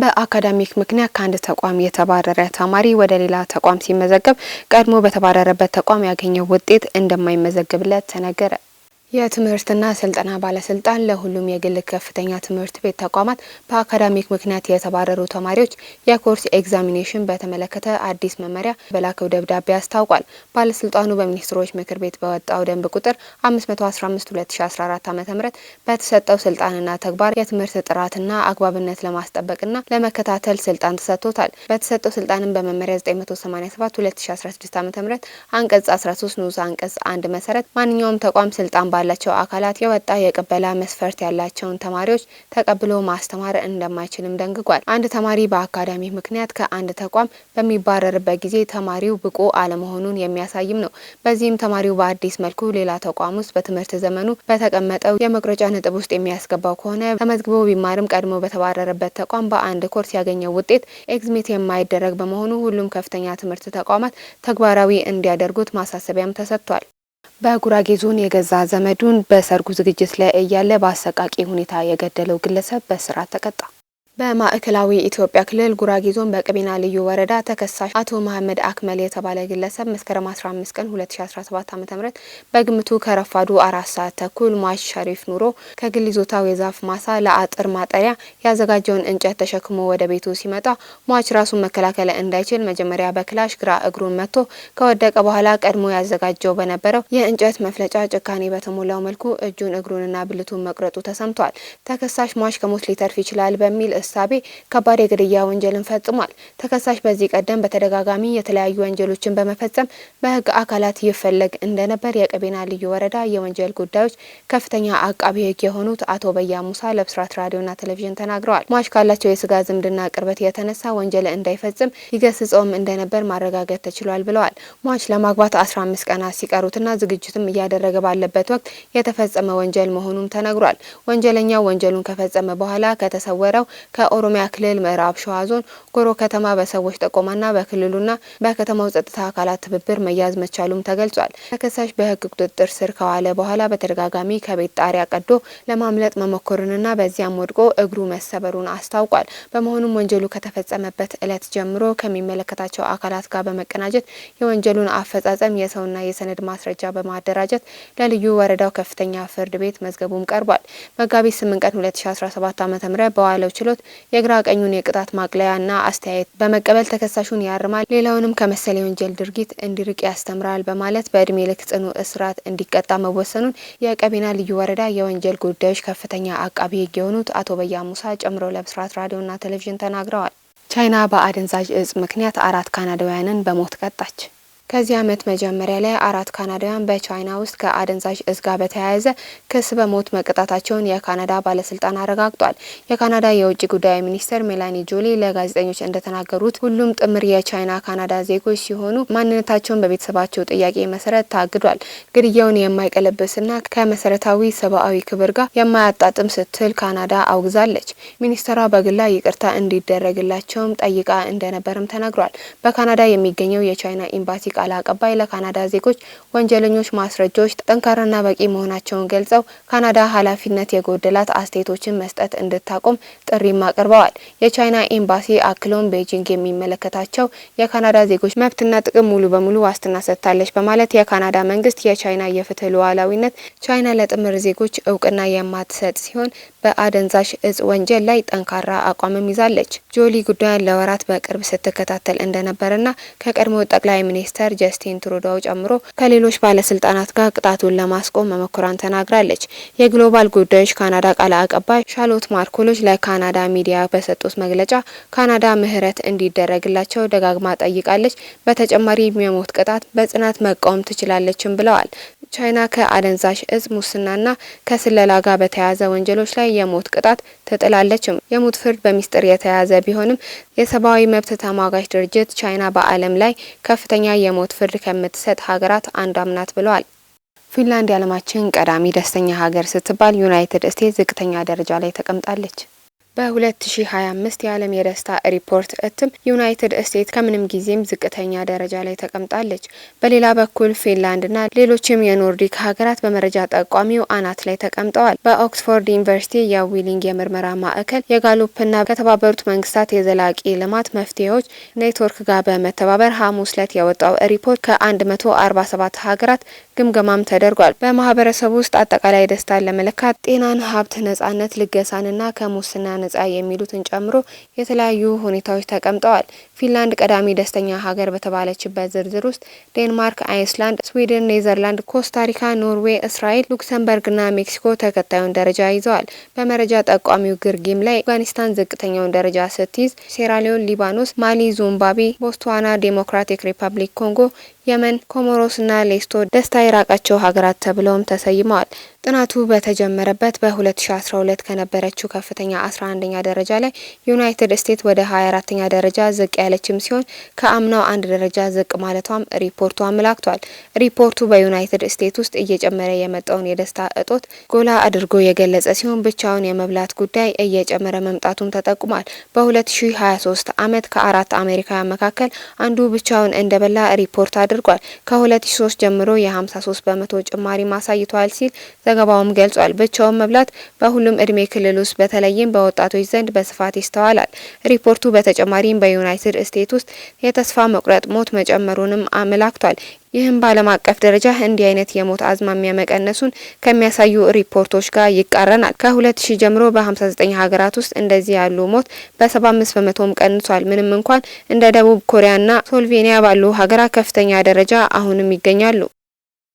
በአካዳሚክ ምክንያት ከአንድ ተቋም የተባረረ ተማሪ ወደ ሌላ ተቋም ሲመዘገብ ቀድሞ በተባረረበት ተቋም ያገኘው ውጤት እንደማይመዘግብለት ተነገረ። የትምህርትና ስልጠና ባለስልጣን ለሁሉም የግል ከፍተኛ ትምህርት ቤት ተቋማት በአካዳሚክ ምክንያት የተባረሩ ተማሪዎች የኮርስ ኤግዛሚኔሽን በተመለከተ አዲስ መመሪያ በላከው ደብዳቤ አስታውቋል። ባለስልጣኑ በሚኒስትሮች ምክር ቤት በወጣው ደንብ ቁጥር 515/2014 ዓ.ም በተሰጠው ስልጣንና ተግባር የትምህርት ጥራትና አግባብነት ለማስጠበቅና ለመከታተል ስልጣን ተሰጥቶታል። በተሰጠው ስልጣንም በመመሪያ 987/2016 ዓ.ም አንቀጽ 13 ንዑስ አንቀጽ 1 መሰረት ማንኛውም ተቋም ስልጣን ባላቸው አካላት የወጣ የቅበላ መስፈርት ያላቸውን ተማሪዎች ተቀብሎ ማስተማር እንደማይችልም ደንግጓል። አንድ ተማሪ በአካዳሚ ምክንያት ከአንድ ተቋም በሚባረርበት ጊዜ ተማሪው ብቁ አለመሆኑን የሚያሳይም ነው። በዚህም ተማሪው በአዲስ መልኩ ሌላ ተቋም ውስጥ በትምህርት ዘመኑ በተቀመጠው የመቁረጫ ነጥብ ውስጥ የሚያስገባው ከሆነ ተመዝግቦ ቢማርም ቀድሞ በተባረረበት ተቋም በአንድ ኮርስ ያገኘው ውጤት ኤግዝሜት የማይደረግ በመሆኑ ሁሉም ከፍተኛ ትምህርት ተቋማት ተግባራዊ እንዲያደርጉት ማሳሰቢያም ተሰጥቷል። በጉራጌ ዞን የገዛ ዘመዱን በሰርጉ ዝግጅት ላይ እያለ በአሰቃቂ ሁኔታ የገደለው ግለሰብ በእስራት ተቀጣ። በማዕከላዊ ኢትዮጵያ ክልል ጉራጌ ዞን በቀቤና ልዩ ወረዳ ተከሳሽ አቶ መሐመድ አክመል የተባለ ግለሰብ መስከረም 15 ቀን 2017 ዓ ም በግምቱ ከረፋዱ አራት ሰዓት ተኩል ሟች ሸሪፍ ኑሮ ከግል ይዞታው የዛፍ ማሳ ለአጥር ማጠሪያ ያዘጋጀውን እንጨት ተሸክሞ ወደ ቤቱ ሲመጣ ሟች ራሱን መከላከል እንዳይችል መጀመሪያ በክላሽ ግራ እግሩን መጥቶ ከወደቀ በኋላ ቀድሞ ያዘጋጀው በነበረው የእንጨት መፍለጫ ጭካኔ በተሞላው መልኩ እጁን እግሩንና ብልቱን መቁረጡ ተሰምቷል። ተከሳሽ ሟች ከሞት ሊተርፍ ይችላል በሚል እሳቤ ከባድ የግድያ ወንጀልን ፈጽሟል። ተከሳሽ በዚህ ቀደም በተደጋጋሚ የተለያዩ ወንጀሎችን በመፈጸም በህግ አካላት ይፈለግ እንደነበር የቀቤና ልዩ ወረዳ የወንጀል ጉዳዮች ከፍተኛ አቃቢ ሕግ የሆኑት አቶ በያ ሙሳ ለብስራት ራዲዮና ቴሌቪዥን ተናግረዋል። ሟች ካላቸው የስጋ ዝምድና ቅርበት የተነሳ ወንጀል እንዳይፈጽም ይገስጸውም እንደነበር ማረጋገጥ ተችሏል ብለዋል። ሟች ለማግባት 15 ቀናት ሲቀሩትና ዝግጅትም እያደረገ ባለበት ወቅት የተፈጸመ ወንጀል መሆኑም ተነግሯል። ወንጀለኛው ወንጀሉን ከፈጸመ በኋላ ከተሰወረው ከኦሮሚያ ክልል ምዕራብ ሸዋ ዞን ጎሮ ከተማ በሰዎች ጥቆማና በክልሉና በከተማው ጸጥታ አካላት ትብብር መያዝ መቻሉም ተገልጿል። ተከሳሽ በህግ ቁጥጥር ስር ከዋለ በኋላ በተደጋጋሚ ከቤት ጣሪያ ቀዶ ለማምለጥ መሞከሩንና በዚያም ወድቆ እግሩ መሰበሩን አስታውቋል። በመሆኑም ወንጀሉ ከተፈጸመበት ዕለት ጀምሮ ከሚመለከታቸው አካላት ጋር በመቀናጀት የወንጀሉን አፈጻጸም የሰውና የሰነድ ማስረጃ በማደራጀት ለልዩ ወረዳው ከፍተኛ ፍርድ ቤት መዝገቡም ቀርቧል። መጋቢት 8 ቀን 2017 ዓ.ም በዋለው ችሎት የግራ ቀኙን የቅጣት ማቅለያና አስተያየት በመቀበል ተከሳሹን ያርማል፣ ሌላውንም ከመሰለ የወንጀል ድርጊት እንዲርቅ ያስተምራል በማለት በእድሜ ልክ ጽኑ እስራት እንዲቀጣ መወሰኑን የቀቤና ልዩ ወረዳ የወንጀል ጉዳዮች ከፍተኛ አቃቢ ሕግ የሆኑት አቶ በያ ሙሳ ጨምሮ ለብስራት ራዲዮና ቴሌቪዥን ተናግረዋል። ቻይና በአደንዛዥ እጽ ምክንያት አራት ካናዳውያንን በሞት ቀጣች። ከዚህ ዓመት መጀመሪያ ላይ አራት ካናዳውያን በቻይና ውስጥ ከአደንዛዥ እጽ ጋር በተያያዘ ክስ በሞት መቀጣታቸውን የካናዳ ባለስልጣን አረጋግጧል። የካናዳ የውጭ ጉዳይ ሚኒስትር ሜላኒ ጆሊ ለጋዜጠኞች እንደተናገሩት ሁሉም ጥምር የቻይና ካናዳ ዜጎች ሲሆኑ ማንነታቸውን በቤተሰባቸው ጥያቄ መሰረት ታግዷል። ግድያውን የማይቀለብስና ከመሰረታዊ ሰብአዊ ክብር ጋር የማያጣጥም ስትል ካናዳ አውግዛለች። ሚኒስትሯ በግላ ይቅርታ እንዲደረግላቸውም ጠይቃ እንደነበርም ተነግሯል። በካናዳ የሚገኘው የቻይና ኤምባሲ ቃል አቀባይ ለካናዳ ዜጎች ወንጀለኞች ማስረጃዎች ጠንካራና በቂ መሆናቸውን ገልጸው ካናዳ ኃላፊነት የጎደላት አስተያየቶችን መስጠት እንድታቆም ጥሪም አቅርበዋል። የቻይና ኤምባሲ አክሎም ቤጂንግ የሚመለከታቸው የካናዳ ዜጎች መብትና ጥቅም ሙሉ በሙሉ ዋስትና ሰጥታለች በማለት የካናዳ መንግስት የቻይና የፍትህ ሉዓላዊነት ቻይና ለጥምር ዜጎች እውቅና የማትሰጥ ሲሆን በአደንዛዥ እጽ ወንጀል ላይ ጠንካራ አቋምም ይዛለች። ጆሊ ጉዳዩን ለወራት በቅርብ ስትከታተል እንደነበረና ከቀድሞ ጠቅላይ ሚኒስተር ሚኒስተር ጀስቲን ትሩዶው ጨምሮ ከሌሎች ባለስልጣናት ጋር ቅጣቱን ለማስቆም መመኩራን ተናግራለች። የግሎባል ጉዳዮች ካናዳ ቃል አቀባይ ሻሎት ማርኮሎች ለካናዳ ሚዲያ በሰጡት መግለጫ ካናዳ ምህረት እንዲደረግላቸው ደጋግማ ጠይቃለች። በተጨማሪ የሞት ቅጣት በጽናት መቃወም ትችላለችም ብለዋል። ቻይና ከአደንዛዥ እጽ ሙስናና ከስለላ ጋር በተያያዘ ወንጀሎች ላይ የሞት ቅጣት ትጥላለችም። የሞት ፍርድ በሚስጥር የተያዘ ቢሆንም የሰብአዊ መብት ተሟጋች ድርጅት ቻይና በዓለም ላይ ከፍተኛ የሞት ፍርድ ከምትሰጥ ሀገራት አንዷም ናት ብለዋል። ፊንላንድ የዓለማችን ቀዳሚ ደስተኛ ሀገር ስትባል ዩናይትድ ስቴትስ ዝቅተኛ ደረጃ ላይ ተቀምጣለች። በ2025 የዓለም የደስታ ሪፖርት እትም ዩናይትድ ስቴትስ ከምንም ጊዜም ዝቅተኛ ደረጃ ላይ ተቀምጣለች። በሌላ በኩል ፊንላንድና ሌሎችም የኖርዲክ ሀገራት በመረጃ ጠቋሚው አናት ላይ ተቀምጠዋል። በኦክስፎርድ ዩኒቨርሲቲ የዊሊንግ የምርመራ ማዕከል የጋሎፕና ከተባበሩት መንግስታት የዘላቂ ልማት መፍትሄዎች ኔትወርክ ጋር በመተባበር ሐሙስ ዕለት የወጣው ሪፖርት ከ147 ሀገራት ግምገማም ተደርጓል። በማህበረሰቡ ውስጥ አጠቃላይ ደስታን ለመለካት ጤናን፣ ሀብት፣ ነጻነት፣ ልገሳንና ከሙስና ነጻ የሚሉትን ጨምሮ የተለያዩ ሁኔታዎች ተቀምጠዋል። ፊንላንድ ቀዳሚ ደስተኛ ሀገር በተባለችበት ዝርዝር ውስጥ ዴንማርክ፣ አይስላንድ፣ ስዊድን፣ ኔዘርላንድ፣ ኮስታሪካ፣ ኖርዌይ፣ እስራኤል፣ ሉክሰምበርግና ሜክሲኮ ተከታዩን ደረጃ ይዘዋል። በመረጃ ጠቋሚው ግርጌም ላይ አፍጋኒስታን ዝቅተኛውን ደረጃ ስትይዝ፣ ሴራሊዮን፣ ሊባኖስ፣ ማሊ፣ ዚምባብዌ፣ ቦትስዋና፣ ዴሞክራቲክ ሪፐብሊክ ኮንጎ የመን፣ ኮሞሮስና ሌስቶ ደስታ የራቃቸው ሀገራት ተብለውም ተሰይመዋል። ጥናቱ በተጀመረበት በ2012 ከነበረችው ከፍተኛ 11 አንደኛ ደረጃ ላይ፣ ዩናይትድ ስቴትስ ወደ 24ኛ ደረጃ ዝቅ ያለችም ሲሆን ከአምናው አንድ ደረጃ ዝቅ ማለቷም ሪፖርቱ አመላክቷል። ሪፖርቱ በዩናይትድ ስቴትስ ውስጥ እየጨመረ የመጣውን የደስታ እጦት ጎላ አድርጎ የገለጸ ሲሆን ብቻውን የመብላት ጉዳይ እየጨመረ መምጣቱም ተጠቁሟል። በ2023 ዓመት ከአራት አሜሪካውያን መካከል አንዱ ብቻውን እንደበላ ሪፖርት አድርጓል። ከ2003 ጀምሮ የ53 በመቶ ጭማሪ ማሳይቷል ሲል ዘገባውም ገልጿል። ብቻውን መብላት በሁሉም እድሜ ክልል ውስጥ በተለይም በወጣ ወጣቶች ዘንድ በስፋት ይስተዋላል። ሪፖርቱ በተጨማሪም በዩናይትድ ስቴትስ ውስጥ የተስፋ መቁረጥ ሞት መጨመሩንም አመላክቷል። ይህም በዓለም አቀፍ ደረጃ እንዲህ አይነት የሞት አዝማሚያ መቀነሱን ከሚያሳዩ ሪፖርቶች ጋር ይቃረናል። ከ2000 ጀምሮ በ59 ሀገራት ውስጥ እንደዚህ ያሉ ሞት በ75 በመቶም ቀንሷል። ምንም እንኳን እንደ ደቡብ ኮሪያና ሶልቬኒያ ባሉ ሀገራት ከፍተኛ ደረጃ አሁንም ይገኛሉ።